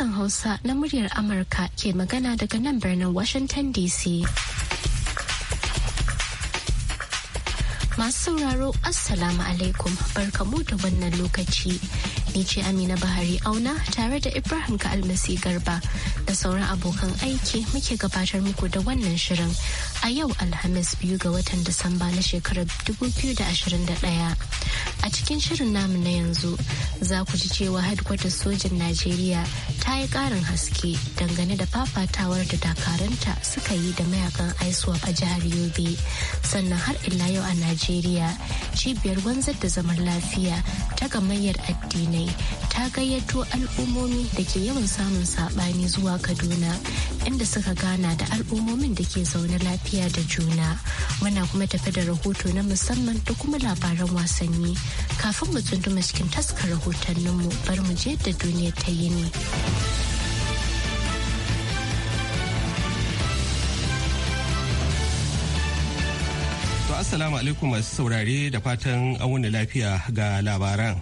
sashen Hausa na muryar Amurka ke magana daga nan birnin Washington DC. Masu sauraro, Assalamu alaikum, barkamu da wannan lokaci. ni ce Amina Bahari Auna tare da Ibrahim ka almasi Garba da sauran abokan aiki muke gabatar muku da wannan shirin a yau Alhamis biyu ga watan Disamba na shekarar 2021. A cikin shirin namu na yanzu za ku ji cewa hadkwatar sojin Najeriya ta yi ƙarin haske dangane da fafatawar da dakaranta suka yi da mayakan aisuwa a jihar Yobe sannan har illa yau a Najeriya cibiyar wanzar da zaman lafiya ta gamayyar addinai ta gayyato al'ummomi da ke yawan samun saɓani zuwa kaduna inda suka gana da al'ummomin da ke zaune lafiya da juna muna kuma tafi da rahoto na musamman da kuma labaran wasanni kafin mu tsunduma cikin taskar rahotanninmu bar mu je da duniya ta yi ne. Assalamu alaikum masu saurare da fatan an lafiya ga labaran.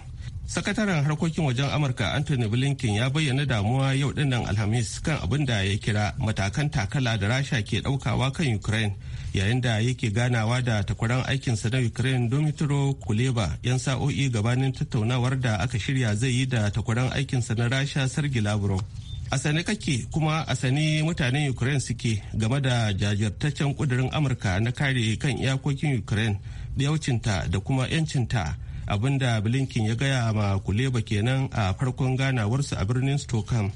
sakataren harkokin wajen amurka anthony blinken ya bayyana damuwa yau dinnan alhamis kan abin da ya kira matakan takala da rasha ke daukawa kan ukraine yayin da yake ganawa da takwaran aikinsa na ukraine domitro kuleba yan sa'o'i gabanin tattaunawar da aka shirya zai yi da takwaran aikinsa na rasha Sergei lavrov a sane kake kuma a sane mutanen ukraine suke game da jajirtaccen kudurin amurka na kare kan iyakokin ukraine da yaucinta da kuma yancinta abinda blinken ya gaya ma kuleba kenan a farkon ganawarsa a birnin stockholm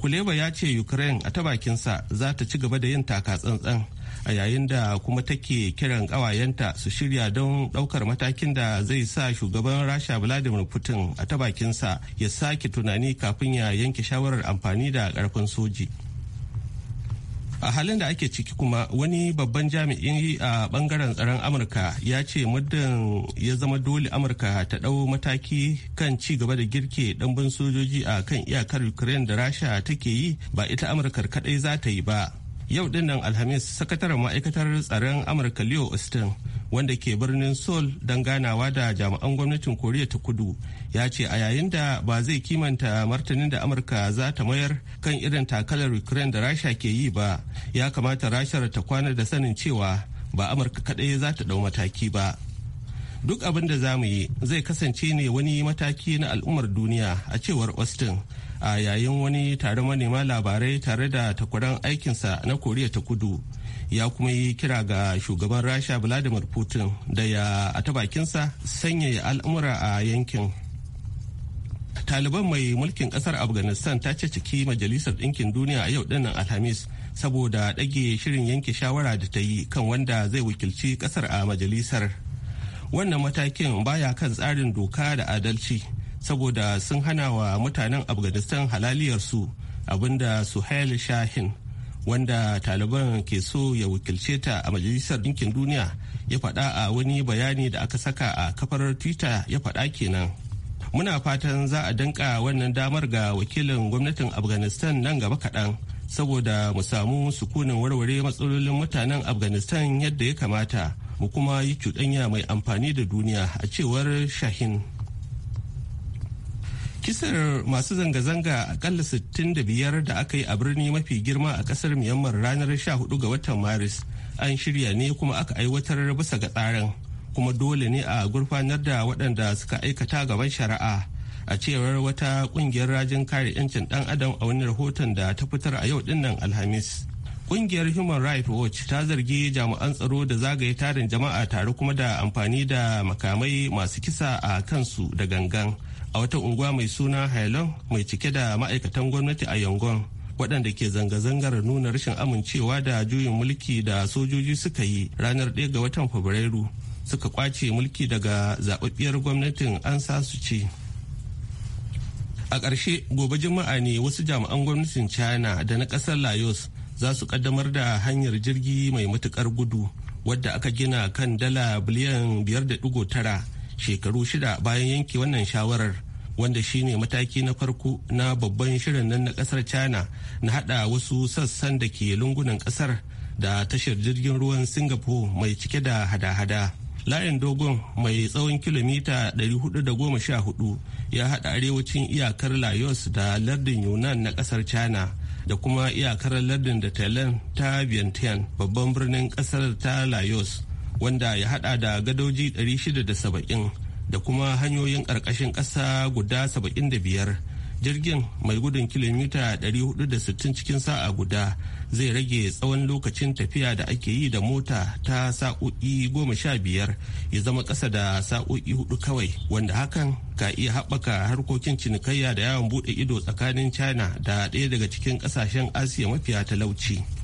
kuleba ya ce ukraine a ta bakinsa za ta ci gaba da yin taka tsantsan a yayin da kuma take kiran kawayenta su shirya don ɗaukar matakin da zai sa shugaban rasha vladimir putin a ta bakinsa ya sake tunani kafin ya yanke shawarar amfani da karfin soji. a halin da ake ciki kuma wani babban jami'in a bangaren tsaron amurka ya ce muddin ya zama dole amurka ta ɗau mataki kan ci gaba da girke ɗanbin sojoji a kan iyakar ukraine da rasha take yi ba ita amurkar kaɗai za ta yi ba yau dinnan alhamis sakataren ma'aikatar tsaron amurka leo austin wanda ke birnin seoul don ganawa da jami'an gwamnatin koriya ta kudu ya ce a yayin da ba zai kimanta martanin da amurka za ta mayar kan irin takalar ukraine da rasha ke yi ba ya kamata rashar ta kwana da sanin cewa ba amurka kadai za ta dau mataki ba duk abin da za mu yi zai kasance ne wani mataki na al'ummar duniya a cewar austin a yayin wani tare manema labarai tare da takwaran aikinsa na koriya ta kudu ya kuma yi kira ga shugaban rasha vladimir putin da ya a ta bakinsa sanyaya al'amura a yankin taliban mai mulkin kasar afghanistan ta ce ciki majalisar ɗinkin duniya a yau dinnan alhamis saboda ɗage shirin yanke shawara da ta yi kan wanda zai wakilci kasar a majalisar wannan matakin baya kan tsarin doka da adalci saboda sun hana wa mutanen afghanistan halaliyarsu abinda suhail shahin wanda taliban ke so ya wakilce ta a majalisar ɗinkin duniya ya faɗa a wani bayani da aka saka a kafar twitter ya faɗa kenan muna fatan za a danka wannan damar ga wakilin gwamnatin afghanistan nan gaba kaɗan saboda mu samu sukunin warware matsalolin mutanen afghanistan yadda ya kamata mu kuma yi cuɗanya mai amfani da duniya a cewar shahin kisar masu zanga-zanga akalla 65 da aka yi a birni mafi girma a kasar myanmar ranar 14 ga watan maris an shirya ne kuma aka aiwatar bisa ga tsarin kuma dole ne a gurfanar da waɗanda suka aikata gaban shari'a a cewar wata ƙungiyar rajin kare 'yancin ɗan adam a wani rahoton da ta fitar a yau dinnan alhamis ƙungiyar human rights watch ta zargi jami'an tsaro da zagaye tarin jama'a tare kuma da amfani da makamai masu kisa a kansu da gangan a wata unguwa mai suna hailon mai cike da ma'aikatan gwamnati a yangon waɗanda ke zanga-zangar nuna rashin amincewa da juyin mulki da sojoji suka yi ranar ɗaya ga watan fabrairu suka kwace mulki daga zaɓaɓɓiyar gwamnatin an sa su ce a ƙarshe gobe juma'a ne wasu jami'an gwamnatin china da na ƙasar laos za su ƙaddamar da hanyar jirgi mai matuƙar gudu wadda aka gina kan dala biliyan 5.9 shekaru shida bayan yanke wannan shawarar wanda shine mataki na farko na babban shirin nan na kasar china na hada wasu sassan da ke lungunan kasar da tashar jirgin ruwan singapore mai cike da hada-hada layin dogon mai tsawon kilomita 414 ya hada arewacin iyakar laos da lardin yunan na kasar china da kuma iyakar lardin da thailand ta vientiane babban birnin kasar ta laos wanda ya hada da gadoji 670 da kuma hanyoyin ƙarƙashin ƙasa guda 75 jirgin mai gudun kilomita 460 cikin sa'a guda zai rage tsawon lokacin tafiya da ake yi da mota ta sa'o'i goma sha biyar ya zama ƙasa da sa'o'i hudu kawai wanda hakan ka iya haɓaka harkokin cinikayya da yawon buɗe ido tsakanin china da ɗaya daga cikin ƙasashen asiya mafiya talauci.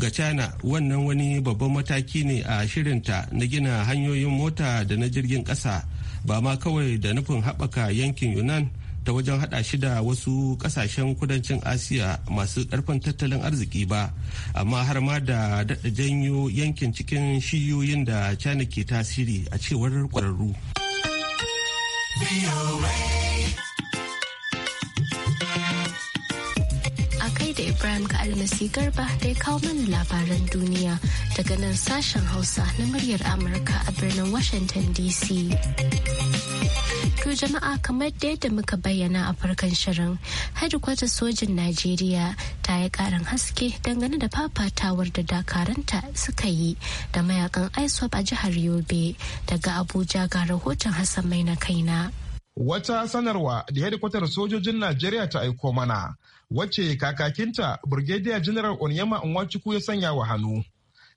ga china wannan wani babban mataki ne a shirinta na gina hanyoyin mota da na jirgin kasa ba ma kawai da nufin haɓaka yankin yunan ta wajen haɗa shi da wasu ƙasashen kudancin asiya masu ƙarfin tattalin arziki ba amma har ma da daɗa janyo yankin cikin shiyoyin da china ke tasiri a cewar ƙwararru. Ibrahim ka almasi garba da ya kawo mana labaran duniya daga nan sashen Hausa na muryar Amurka a birnin Washington DC. To jama'a kamar da yadda muka bayyana a farkon shirin, hadikwata sojin Najeriya ta yi karin haske dangane da fafatawar da dakaranta suka yi da mayakan ISWAP a jihar Yobe daga Abuja ga rahoton Hassan Mai na kaina. Wata sanarwa da hedikwatar sojojin Najeriya ta aiko mana, wacce kakakinta Burgediya General Onyema Nwachukwu ya sanya wa hannu.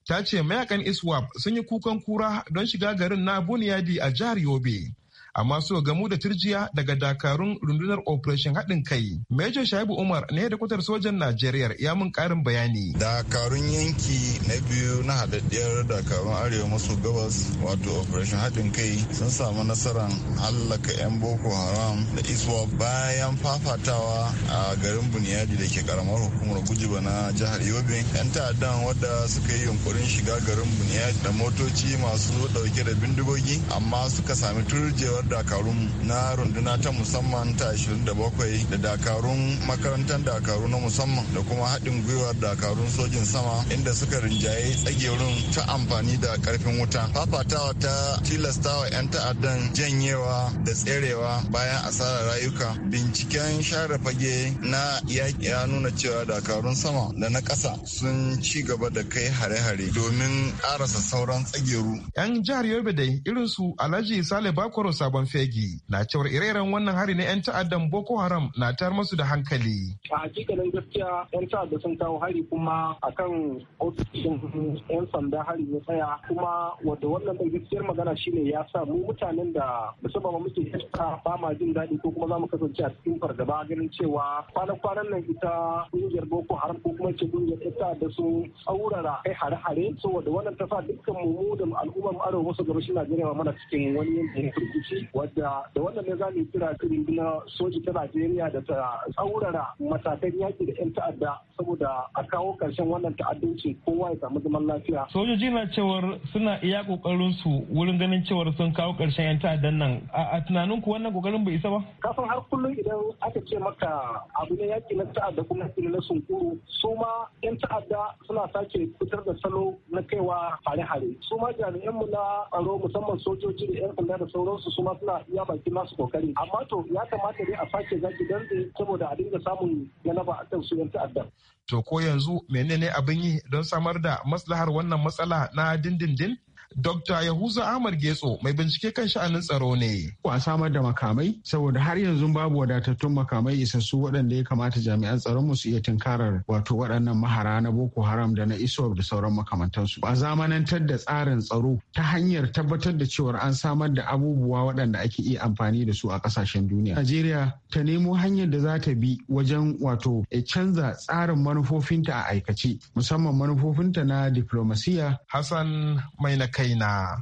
Ta ce mayakan ISWAP sun yi kukan kura don shiga garin na Buniyadi a jihar Yobe. amma su gamu da turjiya daga dakarun rundunar operation haɗin kai major shaibu umar ne da kwatar sojan najeriya ya mun karin bayani dakarun yanki na biyu na haɗaɗɗiyar dakarun arewa maso gabas wato operation haɗin kai sun samu nasarar hallaka 'yan boko haram da iswa bayan fafatawa a garin buniyadi da ke karamar hukumar gujiba na jihar yobe 'yan ta'addan wadda suka yi yunkurin shiga garin buniyadi da motoci masu dauke da bindigogi amma suka sami turjewar rundunar dakarun na runduna ta musamman ta 27 da dakarun makarantar dakaru na musamman da kuma haɗin gwiwar dakarun sojin sama inda suka rinjaye tsagerin ta amfani da karfin wuta fafatawa ta tilastawa 'yan ta'addan janyewa da tserewa bayan asarar rayuka binciken share fage na yaƙi ya nuna cewa dakarun sama da na ƙasa sun ci gaba da kai hare-hare domin ƙarasa sauran tsageru 'yan jihar yobe dai irinsu alhaji sale bakwaro sabon fegi na cewar ire-iren wannan hari na 'yan ta'addan boko haram na tar masu da hankali a hakikalin gaskiya 'yan ta'adda sun kawo hari kuma a kan ofishin 'yan sanda hari ya tsaya kuma wadda wannan da gaskiyar magana shine ya sa mu mutanen da musamman muke kasa ba ma jin daɗi ko kuma za mu kasance a cikin fargaba ganin cewa kwanan-kwanan nan ita kungiyar boko haram ko kuma ce kungiyar 'yan ta'adda sun tsaurara kai hare-hare saboda wannan ta sa dukkan mu da al'ummar arewa shi gabashin najeriya mana cikin wani yanayin firgici wadda da wannan ne za mu kira ga soji ta Najeriya da ta tsaurara matakan yaki da 'yan ta'adda saboda a kawo ƙarshen wannan ta'addanci kowa ya samu zaman lafiya. Sojoji na cewar suna iya kokarin su wurin ganin cewar sun kawo karshen 'yan ta'addan nan a tunanin ku wannan ƙoƙarin bai isa ba? Kafin har kullum idan aka ce maka abu ne yaki na ta'adda kuma yaki na sunkuru su ma 'yan ta'adda suna sake fitar da salo na kaiwa hare-hare su ma mu na tsaro musamman sojoji da 'yan sanda da sauransu su ma suna iya baki nasu kokari amma to ya kamata ne a sake zaki dantse saboda a dinga samun galaba a kan su yan ta'addan. To ko yanzu menene abin yi don samar da maslahar wannan matsala na dindindin? Dr. Yahuza Ahmad Getso mai bincike kan sha'anin tsaro ne. A samar da makamai saboda har yanzu babu wadatattun makamai isassu waɗanda ya kamata jami'an tsaron mu su iya tunkarar wato waɗannan mahara na Boko Haram da na ISOP da sauran makamantansu. A zamanantar da tsarin tsaro ta hanyar tabbatar da cewar an samar da abubuwa waɗanda ake iya amfani da su a ƙasashen duniya. Najeriya ta nemo hanyar da za ta bi wajen wato canza tsarin manufofinta a aikace musamman manufofinta na diplomasiya. Hassan mai na na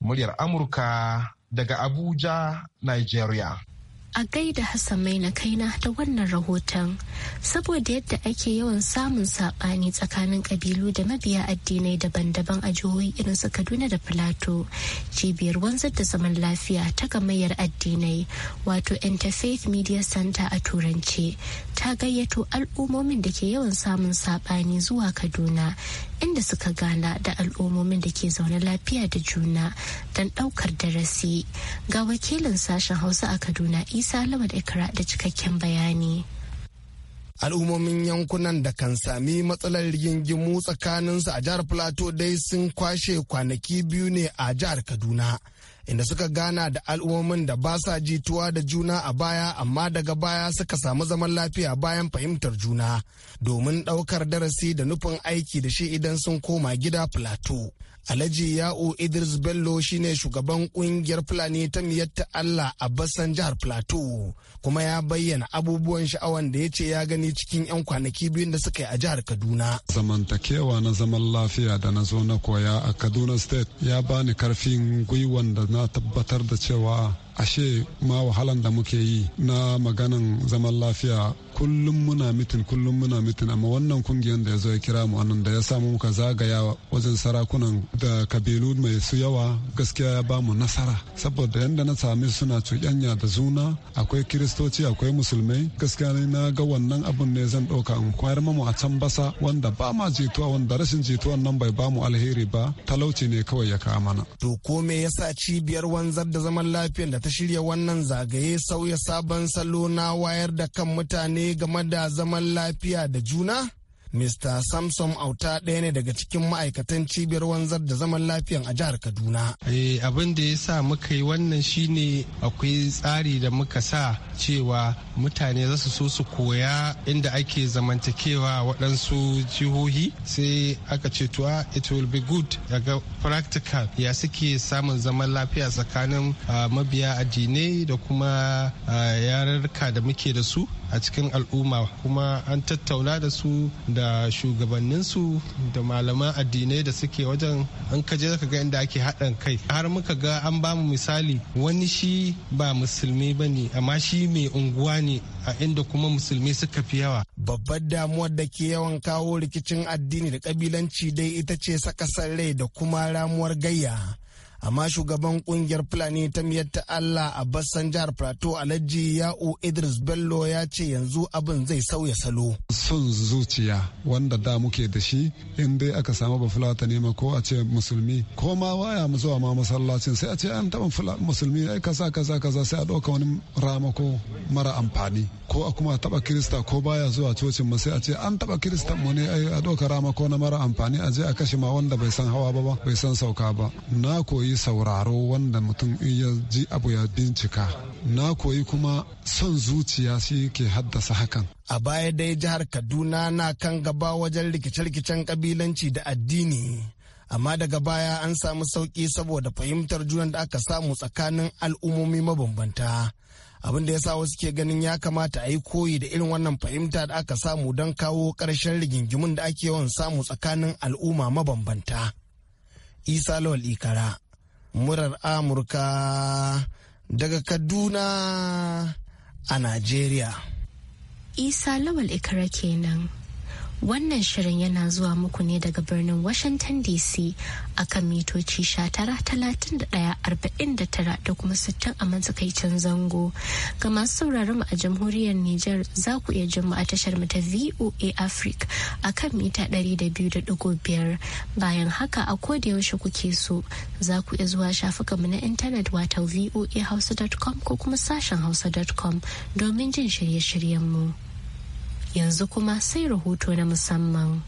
muryar amurka daga abuja nigeria a gaida Hassan mai na kaina da wannan rahoton saboda yadda ake yawan samun saɓani tsakanin ƙabilu da mabiya addinai daban-daban a jihohi irin su Kaduna da Filato cibiyar wanzar da zaman lafiya ta gamayyar addinai wato Interfaith Media Center a turance ta gayyato al'ummomin da ke yawan samun saɓani zuwa Kaduna inda suka gana da al'ummomin da ke zaune lafiya da juna don ɗaukar darasi ga wakilin sashen hausa a kaduna isa Lamar ikra da cikakken bayani. al'ummomin yankunan da kan sami matsalar rigingimu tsakaninsu a jihar plateau dai sun kwashe kwanaki biyu ne a jihar kaduna inda suka gana da al'ummomin da ba sa jituwa da juna a baya amma daga baya suka samu zaman lafiya bayan fahimtar juna domin ɗaukar darasi da nufin aiki da shi idan sun koma gida plateau Alhaji Ya'u Idris Bello shine shugaban kungiyar Fulani ta miyatta Allah a basan jihar Plateau kuma ya bayyana abubuwan sha'awan da ya ce ya gani cikin 'yan kwanaki biyun da suka yi a jihar Kaduna. Zamantakewa na zaman lafiya da na zo na koya a Kaduna State ya bani karfin gwiwan da na tabbatar da cewa ashe ma wahalan da muke yi na maganan zaman lafiya kullum muna mitin kullum muna mitin amma wannan kungiyar da ya zo ya kira mu anan da ya samu muka zagaya wajen sarakunan da kabilu mai su yawa gaskiya ya bamu nasara saboda yadda na sami suna cuɗanya da zuna akwai kiristoci akwai musulmai gaskiya ne na ga wannan abun ne zan ɗauka in kwayar mamu a can basa wanda ba ma jituwa wanda rashin jituwan nan bai bamu alheri ba talauci ne kawai ya kawo mana. To ko me yasa cibiyar wanzar da zaman lafiyar da ta shirya wannan zagaye sauya sabon salo na wayar da kan mutane game da zaman lafiya da juna? Mr. Samson Auta ɗaya ne daga cikin ma'aikatan cibiyar wanzar da zaman lafiyan a jihar Kaduna. Eh, abin da ya sa muka yi wannan shine akwai tsari da muka sa cewa mutane za su so su koya inda ake zamantakewa waɗansu jihohi sai aka ce to ah, it will be good daga practical ya suke samun zaman lafiya tsakanin ah, mabiya addinai da kuma ah, yararka da muke da su a cikin al'umma kuma an tattauna da su da shugabanninsu da malaman addinai da suke wajen an kaje ka ga inda ake haɗin kai har muka ga an ba mu misali wani shi ba musulmi ba ne amma shi mai unguwa ne a inda kuma musulmi suka fi yawa babbar damuwar da ke yawan kawo rikicin addini da kabilanci dai ita ce saka rai da kuma ramuwar gayya amma shugaban kungiyar fulani ta miyar ta allah a bassan jihar plateau alhaji ya'u idris bello ya ce yanzu abin zai sauya salo son zuciya wanda da muke da shi in dai aka samu ba fulata ne ma ko a ce musulmi ko ma waya mu zuwa ma masallacin sai a ce an taɓa musulmi ai kaza kaza kaza sai a ɗauka wani ramako mara amfani ko a kuma taɓa kirista ko baya zuwa cocin mu sai a ce an taɓa kirista mu ne ai a ɗauka ramako na mara amfani a je a kashe ma wanda bai san hawa ba bai san sauka ba na koyi koyi sauraro wanda mutum ya ji abu ya bincika na koyi kuma son zuciya shi ke haddasa hakan a baya dai jihar kaduna na kan gaba wajen rikice-rikicen kabilanci da addini amma daga baya an samu sauki saboda fahimtar juna da aka samu tsakanin al'ummomi mabambanta abin da ya sa wasu ke ganin ya kamata a yi koyi da irin wannan fahimta da aka samu don kawo karshen rigingimun da ake yawan samu tsakanin al'umma mabambanta isa lawal ikara murar Amurka daga Kaduna a Najeriya. Isa Lawal Ikara kenan. Wannan shirin yana zuwa muku ne daga birnin Washington DC a kan mitoci talatin da kuma 60 a matsakaicin zango. Ga masu sauraron mu a jamhuriyar Nijar za ku iya jin mu a tashar mu ta VOA Africa a kan mita 200.5. Bayan haka a koda yaushe kuke so za ku iya zuwa mu na intanet wato voahausa.com ko kuma sashen hausa.com domin jin shirye-shiryen mu. yanzu kuma sai rahoto na musamman.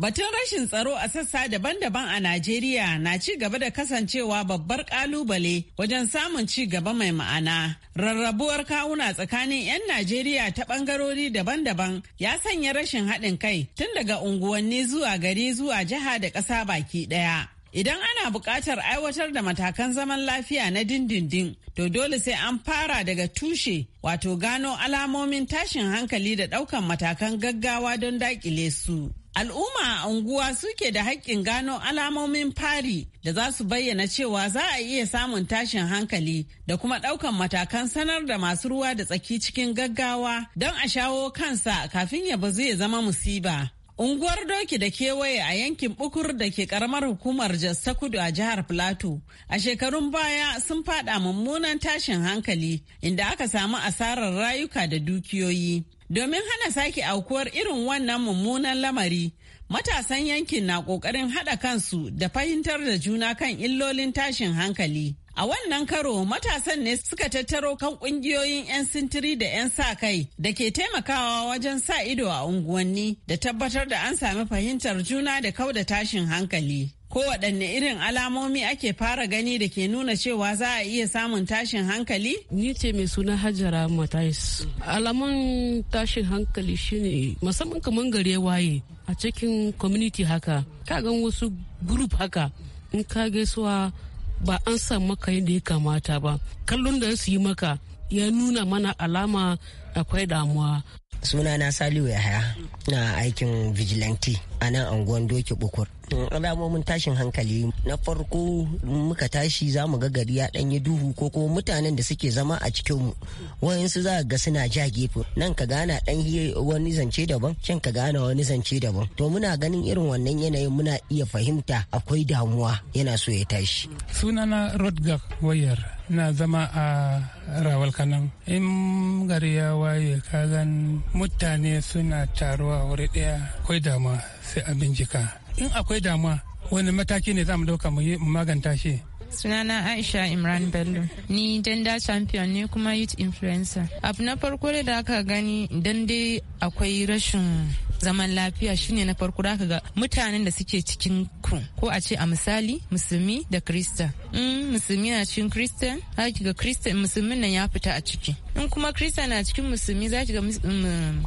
Batun rashin tsaro a sassa daban-daban a Najeriya na ci gaba da kasancewa babbar kalubale wajen samun ci gaba mai ma'ana. Rarrabuwar kawuna tsakanin 'yan Najeriya ta bangarori daban-daban ya sanya rashin haɗin kai tun daga unguwanni zuwa gari zuwa jiha da ƙasa baki ɗaya. Idan ana buƙatar aiwatar da matakan zaman lafiya na dindindin, to dole sai an fara daga tushe wato gano alamomin tashin hankali da ɗaukan matakan gaggawa don daƙile su. Al'umma a unguwa suke da haƙƙin gano alamomin fari da za su bayyana cewa za a iya samun tashin hankali da kuma ɗaukan matakan sanar da masu ruwa da tsaki cikin gaggawa don a shawo kansa kafin ya bazu ya zama musiba. Unguwar Doki da kewaye a yankin Bukur da ke karamar hukumar Jos ta Kudu a jihar Plateau a shekarun baya sun fada mummunan tashin hankali inda aka samu asarar rayuka da dukiyoyi. Domin hana sake aukuwar irin wannan mummunan lamari, matasan yankin na ƙoƙarin haɗa kansu da fahimtar da juna kan illolin tashin hankali A wannan karo matasan ne suka tattaro kan kungiyoyin 'yan sintiri da 'yan sa kai da ke taimakawa wajen sa ido a unguwanni da tabbatar da an sami fahimtar juna da kau da tashin hankali. Kowaɗanne irin alamomi ake fara gani da ke nuna cewa za a iya samun tashin hankali? Ni ce mai suna Hajara Matais. Alamun tashin hankali shine musamman kamar gare waye a cikin community haka. ka gan wasu group haka in ka gaisuwa ba an sa maka yadda ya kamata ba kallon da su yi maka ya nuna mana alama akwai damuwa suna na ya yahaya na aikin vigilante a nan anguwan doki bukur alamomin tashin hankali na farko muka tashi za mu ga gari ya danyi duhu ko kuma mutanen da suke zama a cikin mu wayansu za ga suna ja gefe nan ka gana dan wani zance daban can ka gana wani zance daban to muna ganin irin wannan yanayin muna iya fahimta akwai damuwa yana so ya tashi sunana rodger wayar na zama a rawal kanan in gari ya waye gan mutane suna taruwa wuri daya akwai damuwa sai abin jika. in akwai damuwa wani mataki ne za mu dauka mu maganta shi sunana aisha imran bello ni gender champion ne kuma youth influencer abu na farko da aka gani idan dai akwai rashin zaman lafiya shine na farko da ga mutanen da suke cikin ku ko a ce a misali musulmi da krista in musulmi na cikin krista haƙi ga krista musulmin nan ya fita a ciki in kuma kristan na cikin musulmi za ki ga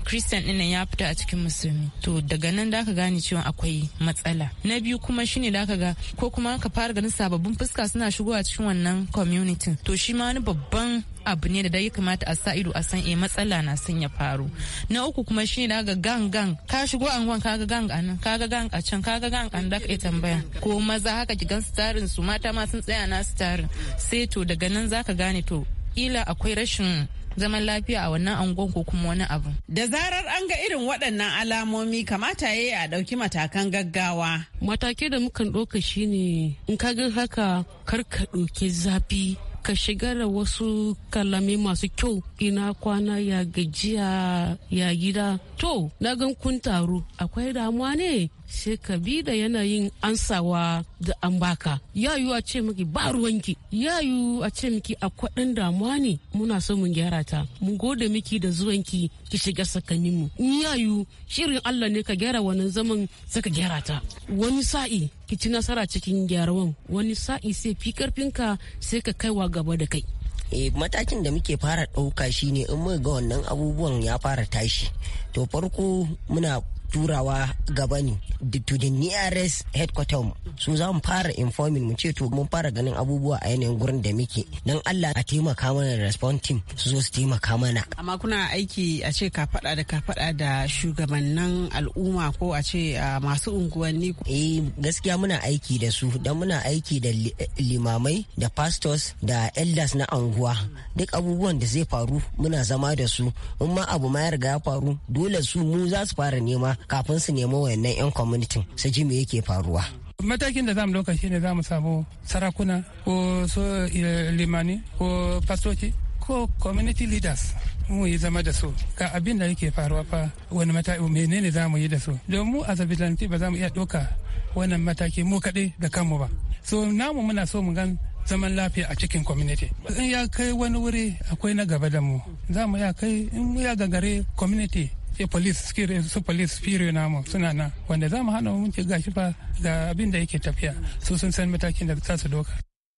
kristan mm, ɗin ya fita a cikin musulmi to daga nan da ka gane cewa akwai matsala na biyu kuma shine da ka ga ko kuma ka fara ganin sababbin fuska suna shigowa cikin wannan community to shi ma wani babban abu ne da dai kamata a sa ido a san eh matsala na san ya faru na uku kuma shine da ga gang gang ka shigo angon ka ga gang anan ka ga gang a can ka ga gang an da ka tambaya ko maza haka ki gan starin su mata ma sun tsaya na starin sai to daga nan zaka gane to ila akwai rashin zaman lafiya a wannan angon ko kuma wani abu. Da zarar an ga irin waɗannan alamomi kamata ya yi a ɗauki matakan gaggawa. Matake da mukan ɗauka shine in ka gan haka kar ka ɗauki zafi ka shiga da wasu kalame masu kyau ina kwana ya gajiya ya gida to na gan kun taru akwai damuwa ne sai ka bi da yanayin ansawa da an baka ya yiwu a ce miki ba ruwanki ya yiwu a ce miki a kwaɗin damuwa ne muna so mun gyara ta mun gode miki da zuwanki ki shiga sakanin mu in ya yiwu shirin Allah ne ka gyara wannan zaman saka gyara ta wani sa'i ki ci nasara cikin gyarawan wani sa'i sai fi karfinka sai ka kaiwa gaba da kai e, matakin da muke fara ɗauka shine in muka ga wannan abubuwan ya fara tashi to farko muna turawa gaba ne to the nearest headquarter su za mu fara informing mu ce to mun fara ganin abubuwa a yanayin gurin da muke dan Allah a taimaka mana da response team su zo su taimaka mana amma kuna aiki a ce ka fada da ka fada da shugabannin al'umma ko a ce masu unguwanni eh gaskiya muna aiki da su dan muna aiki da limamai da pastors da elders na anguwa duk abubuwan da zai faru muna zama da su in ma abu ma ya riga ya faru dole su mu za su fara nema kafin su nemo wayannan 'yan kwamitin su ji me yake faruwa matakin da zamu lokaci ne zamu samu sarakuna ko so eh, limani ko fastoci ko community leaders mu yi zama da su ga abin da yake faruwa fa wani mataki menene za mu yi da su don mu a zabilanti ba za mu iya ɗauka wannan mataki mu kaɗai da kanmu ba so namu muna so mu gan zaman lafiya a cikin community in ya kai wani wuri akwai na gaba da mu za mu ya kai in ya gagare community ce police spirit su police spirit mu suna nan wanda za mu hana mun ce gashi fa ga abin da yake tafiya su sun san matakin da za su doka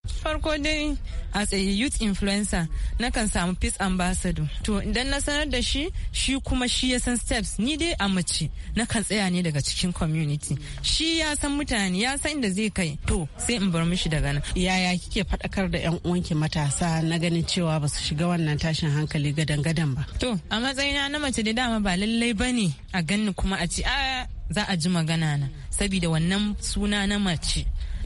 farko dai as a youth influencer na kan samu peace ambassador to idan na sanar da shi shi kuma shi ya san steps ni dai a mace na kan tsaya ne daga cikin community shi ya san mutane ya san inda zai kai to sai in bar mishi daga nan yaya kike faɗakar da yan uwanki matasa na ganin cewa ba su shiga wannan tashin hankali gadan gadan ba to a matsayina na mace da dama ba lallai bane a ganni kuma a ce a za a ji magana na Sabida wannan suna na mace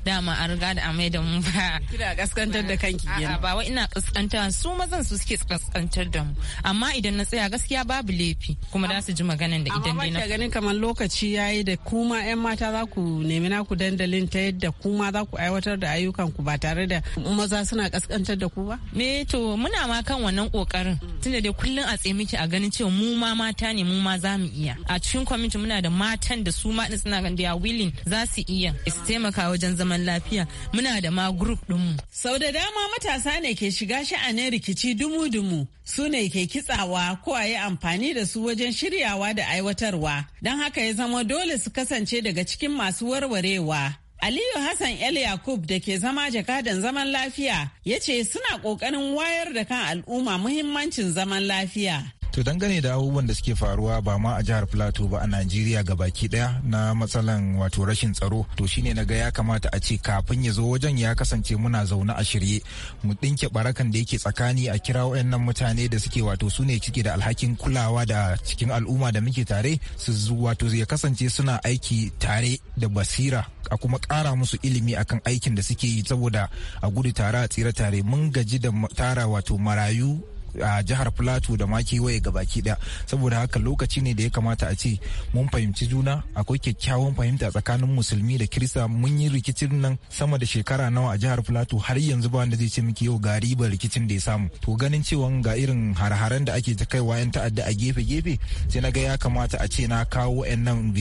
dama a riga da amai da mu ba kina kaskantar da kanki a'a ba wai ina kaskantar su mazan su suke kaskantar da mu amma idan na tsaya gaskiya babu laifi kuma za su ji maganan da idan dai na amma ganin kamar lokaci yayi da kuma ƴan mata za ku nemi naku dandalin ta yadda kuma za ku aiwatar da ayyukan ku ba tare da maza suna kaskantar da ku ba me to muna ma kan wannan kokarin mm. tunda dai kullun a tsaye muke a ganin cewa mu ma mata ne mu ma za mu iya a cikin kwamiti muna da matan da su ma suna ganin da willing za su iya su taimaka wajen zaman zaman lafiya muna da ma group ɗinmu. Sau da dama matasa ne ke shiga sha'anin rikici dumu-dumu su ne ke kitsawa ko a yi amfani da su wajen shiryawa da aiwatarwa don haka ya zama dole su kasance daga cikin masu warwarewa. Aliyu Hassan El Yakub da ke zama jakadan zaman lafiya ya ce suna ƙoƙarin wayar da kan al'umma muhimmancin zaman lafiya. To dangane da abubuwan da suke faruwa ba ma a jihar Plateau ba a Najeriya ga baki daya na matsalan wato rashin tsaro to shine na ga ya kamata a ce kafin ya zo wajen ya kasance muna zaune a shirye mu dinke barakan da yake tsakani a kira wayannan mutane da suke wato su ne cike da alhakin kulawa da cikin al'umma da muke tare su wato ya kasance suna aiki tare da basira a kuma kara musu ilimi akan aikin da suke yi saboda a gudu tare a tsira tare mun gaji da tara wato marayu a jihar plateau da ma kewaye baki ɗaya saboda haka lokaci ne da ya kamata a ce mun fahimci juna akwai kyakkyawan fahimta tsakanin musulmi da kirista mun yi rikicin nan sama da shekara nawa a jihar plateau har yanzu ba wanda zai ce miki yau ga ribar rikicin da ya samu to ganin cewa ga irin har-haren da ake ta kaiwa yan ta'adda a gefe-gefe sai na ga ya kamata a ce na kawo 'yan nan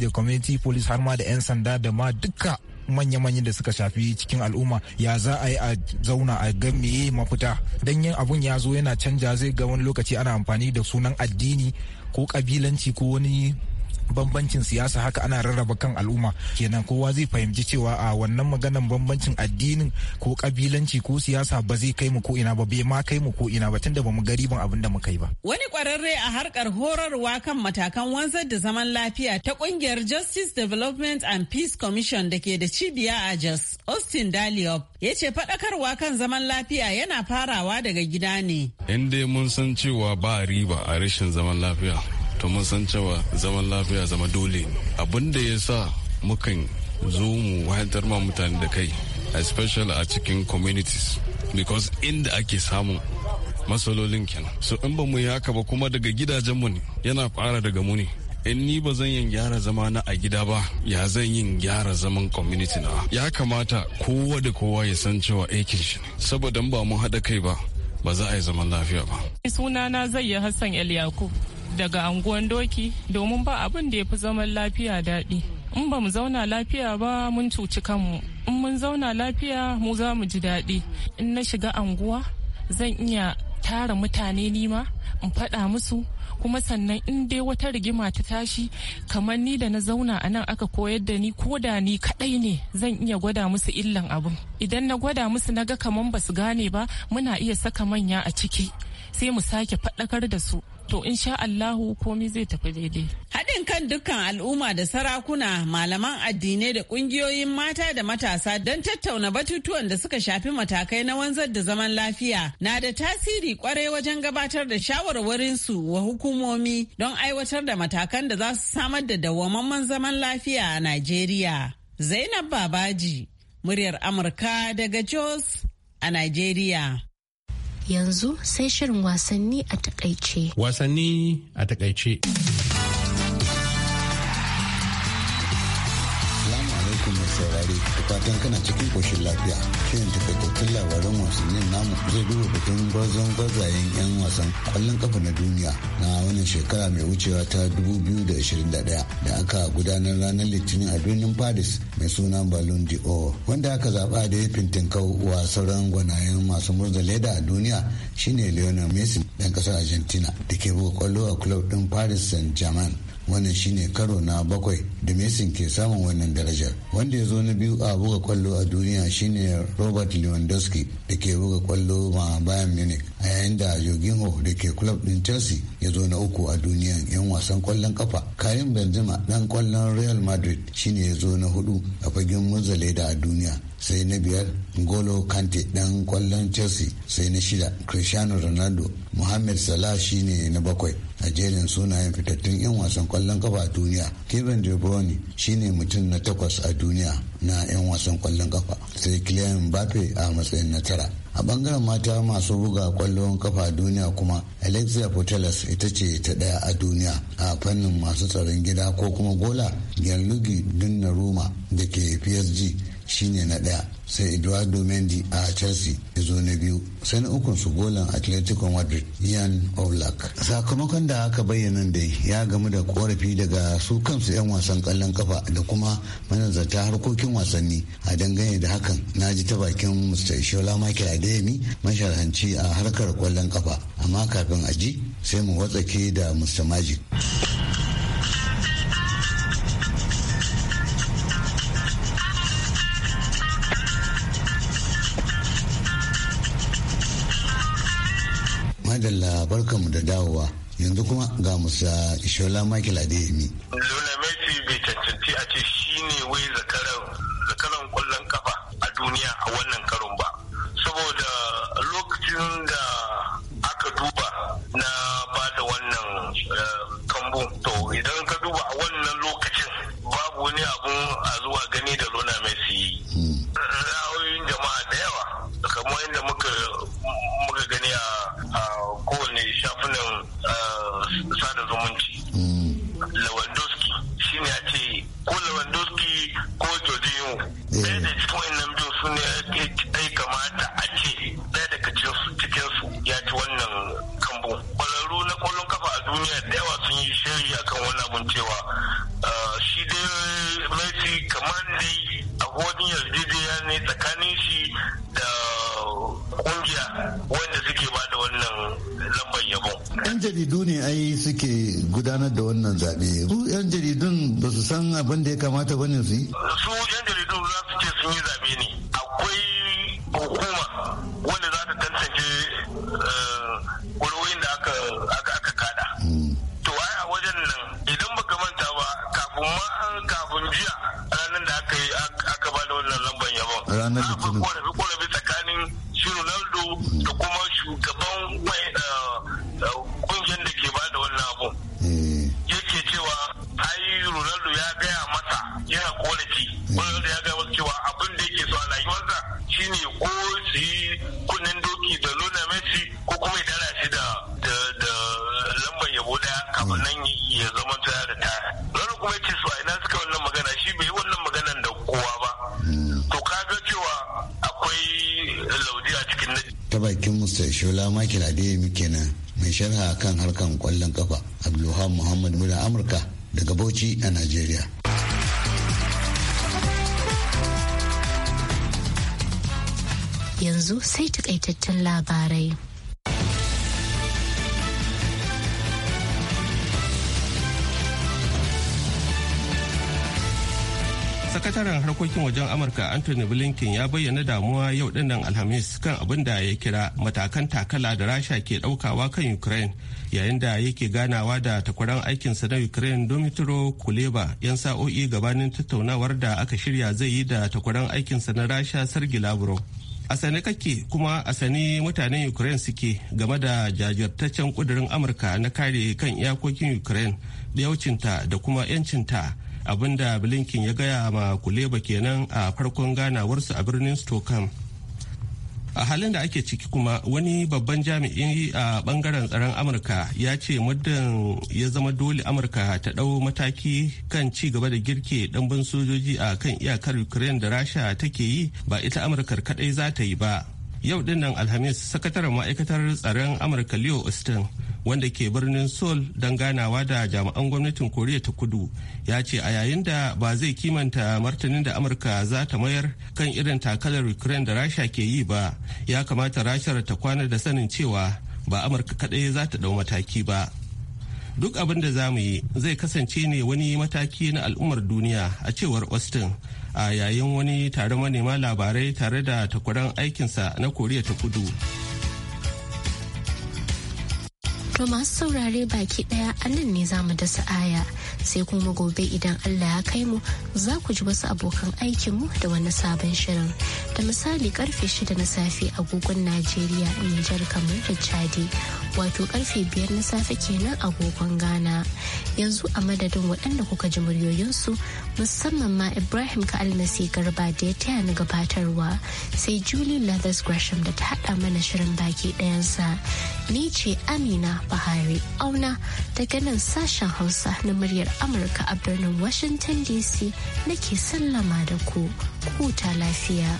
da community police har ma da 'yan sanda da ma duka manya-manyan da suka shafi cikin al'umma ya za a yi a zauna a ga mafita don yin abun ya zo yana canja zai ga wani lokaci ana amfani da sunan addini ko kabilanci ko wani bambancin siyasa haka ana rarraba kan al'umma kenan kowa zai fahimci cewa a wannan maganan bambancin addinin ko kabilanci ko siyasa ba zai kai mu ko ina ba bai ma kai mu ko ina ba tunda bamu ban abin da mu kai ba wani kwararre a harkar horarwa kan matakan wanzar da zaman lafiya ta kungiyar Justice Development and Peace Commission da ke da cibiya a Jos Austin Daliop ya ce fadakarwa kan zaman lafiya yana farawa daga gida ne in dai mun san cewa ba riba a rashin zaman lafiya to mun san cewa zaman lafiya zama dole abin da ya sa mukan zo mu wayantar ma mutane da kai especially a cikin communities because inda ake samun matsalolin kenan so in ba mu yi haka ba kuma daga gidajen mu ne yana fara daga mu ne in ni ba zan yin gyara zama na a gida ba ya zan yin gyara zaman community na ya kamata kowa da kowa ya san cewa aikin shi saboda ba mu haɗa kai ba ba za a yi zaman lafiya ba sunana zai yi hassan el yakub daga anguwan doki domin ba abin da ya fi zaman lafiya daɗi in ba mu zauna lafiya ba mun cuci kanmu in mun zauna lafiya mu za mu ji daɗi in na shiga anguwa zan iya tara mutane nima in faɗa musu kuma sannan in dai wata rigima ta tashi kamar ni da na zauna a nan aka koyar da ni ko da ni kaɗai ne zan iya gwada musu illan abin idan na gwada musu na ga kamar ba su gane ba muna iya saka manya a ciki sai mu sake faɗakar da su to insha Allahu komai zai tafi daidai. Haɗin kan dukkan al'umma da sarakuna, malaman addinai da ƙungiyoyin mata da matasa don tattauna batutuwan da suka shafi matakai na wanzar da zaman lafiya na da tasiri kwarai wajen gabatar da shawarwarin su wa hukumomi don aiwatar da matakan da za su samar da dawwamamman zaman lafiya a Najeriya. Zainab Babaji, muryar Amurka daga Jos a Najeriya. yanzu sai shirin wasanni a takaice. Wasanni a takaice. saurare da fatan kana cikin koshin lafiya shirin takaitattun labaran wasannin namu zai duba bikin gwazon gwazayen yan wasan kwallon kafa na duniya na wannan shekara mai wucewa ta 2021 da aka gudanar ranar litinin a birnin paris mai suna ballon d'or wanda aka zaba da ya fintinkau wa sauran gwanayen masu murza leda a duniya shine lionel messi dan kasar argentina da ke buga kwallo a club din paris saint-germain wannan shine karo na bakwai da mesin ke samun wannan darajar wanda ya zo na biyu a buga kwallo a duniya shine robert lewandowski da ke buga kwallo ma bayan munich a yayin da Jorginho da ke club din Chelsea ya zo na uku a duniyan 'yan wasan kwallon kafa. Karim Benzema dan kwallon Real Madrid shine ya zo na hudu a fagen murzale da a duniya. Sai na biyar golo Kante dan kwallon Chelsea sai na shida Cristiano Ronaldo Mohamed Salah shine na bakwai a jerin sunayen fitattun 'yan wasan kwallon kafa a duniya. Kevin De Bruyne shine mutum na takwas a duniya na 'yan wasan kwallon kafa sai Kylian Mbappe a matsayin na tara. a bangaren mata masu buga kwallon kafa duniya kuma alexia potelas ita ce ta daya a duniya a fannin masu tsaron gida ko kuma gola gianluigi roma da ke psg shine na ɗaya sai eduardo mendy a chelsea ya zo na biyu sai na ukun su golan atletico madrid yan oblak sakamakon da aka bayyana dai ya gamu da korafi daga su kansu 'yan wasan kallon kafa da kuma manazarta harkokin wasanni a dangane da hakan na ji ta bakin mr shola michael adeyemi masharhanci a harkar kwallon kafa amma kafin a ji sai mu watsake da mr magic Madalla mu da dawowa. Yanzu kuma ga musa Ishola Michael Adeyemi. Luna Messi bai cancanci a ce shi ne wai zakarar. gwamnati kamar dai a godin yarjejeniya ne tsakanin shi da kungiya wanda suke ba da wannan lambar yabo yan jaridu ne ai suke gudanar da wannan zaɓe su yan jaridun ba su san abin da ya kamata ba ne su yi su yan jaridun za su ce sun yi zaɓe ne abin nan ya zama ta da ta wani kuma ce su a ina suka wannan magana shi bai wannan maganan da kowa ba hmm. to ka ga cewa akwai laudi a cikin na ta bakin musta shola makil muke kenan mai sharha kan harkan kwallon kafa abdulhamid muhammad muna amurka daga bauchi a nigeria. yanzu sai takaitaccen labarai sakataren harkokin wajen amurka anthony blinken ya bayyana damuwa yau dinnan alhamis kan abin da ya kira matakan takala da rasha ke daukawa kan ukraine yayin da yake ganawa da takwaran aikinsa na ukraine domitro kuleba yan sa'o'i gabanin tattaunawar da aka shirya zai yi da takwaran aikinsa na rasha sergi lavrov a sane kake kuma a sane mutanen ukraine suke game da jajirtaccen kudurin amurka na kare kan iyakokin ukraine da da kuma 'yancinta abinda blinken ya gaya ma kuleba kenan a farkon ganawarsu a birnin stockholm a halin da ake ciki kuma wani babban jami'in a bangaren tsaron amurka ya ce muddin ya zama dole amurka ta dau mataki kan ci gaba da girke dambun sojoji a kan iyakar ukraine da rasha take yi ba ita amurkar kadai za ta yi ba yau dinnan alhamis sakataren ma'aikatar tsaron amurka leo austin wanda ke birnin seoul don ganawa da jami'an gwamnatin koriya ta kudu ya ce a yayin da ba zai kimanta martanin da amurka za ta mayar kan irin takalar ukraine da rasha ke yi ba ya kamata rashar ta kwana da sanin cewa ba amurka kadai za ta dau mataki ba duk abin da za mu yi zai kasance ne wani mataki na al'ummar duniya a cewar austin a yayin wani taron manema labarai tare da takwaran aikinsa na koriya ta kudu To masu saurare baki daya anan ne za mu dasa aya sai kuma gobe idan Allah ya kai mu za ku ji wasu abokan aikinmu da wani sabon shirin da misali karfe shida na safe agogon Najeriya Nijar kamar da Chadi wato karfe biyar na safe kenan agogon Ghana yanzu a madadin waɗanda kuka ji muryoyinsu musamman ma Ibrahim ka almasi garba da ya taya ni gabatarwa sai Julie Lathers Gresham da ta haɗa mana shirin baki ɗayansa ni ce Amina Bahari auna daga nan sashen Hausa na muryar Amurka a birnin Washington DC nake sallama da ku, huta lafiya.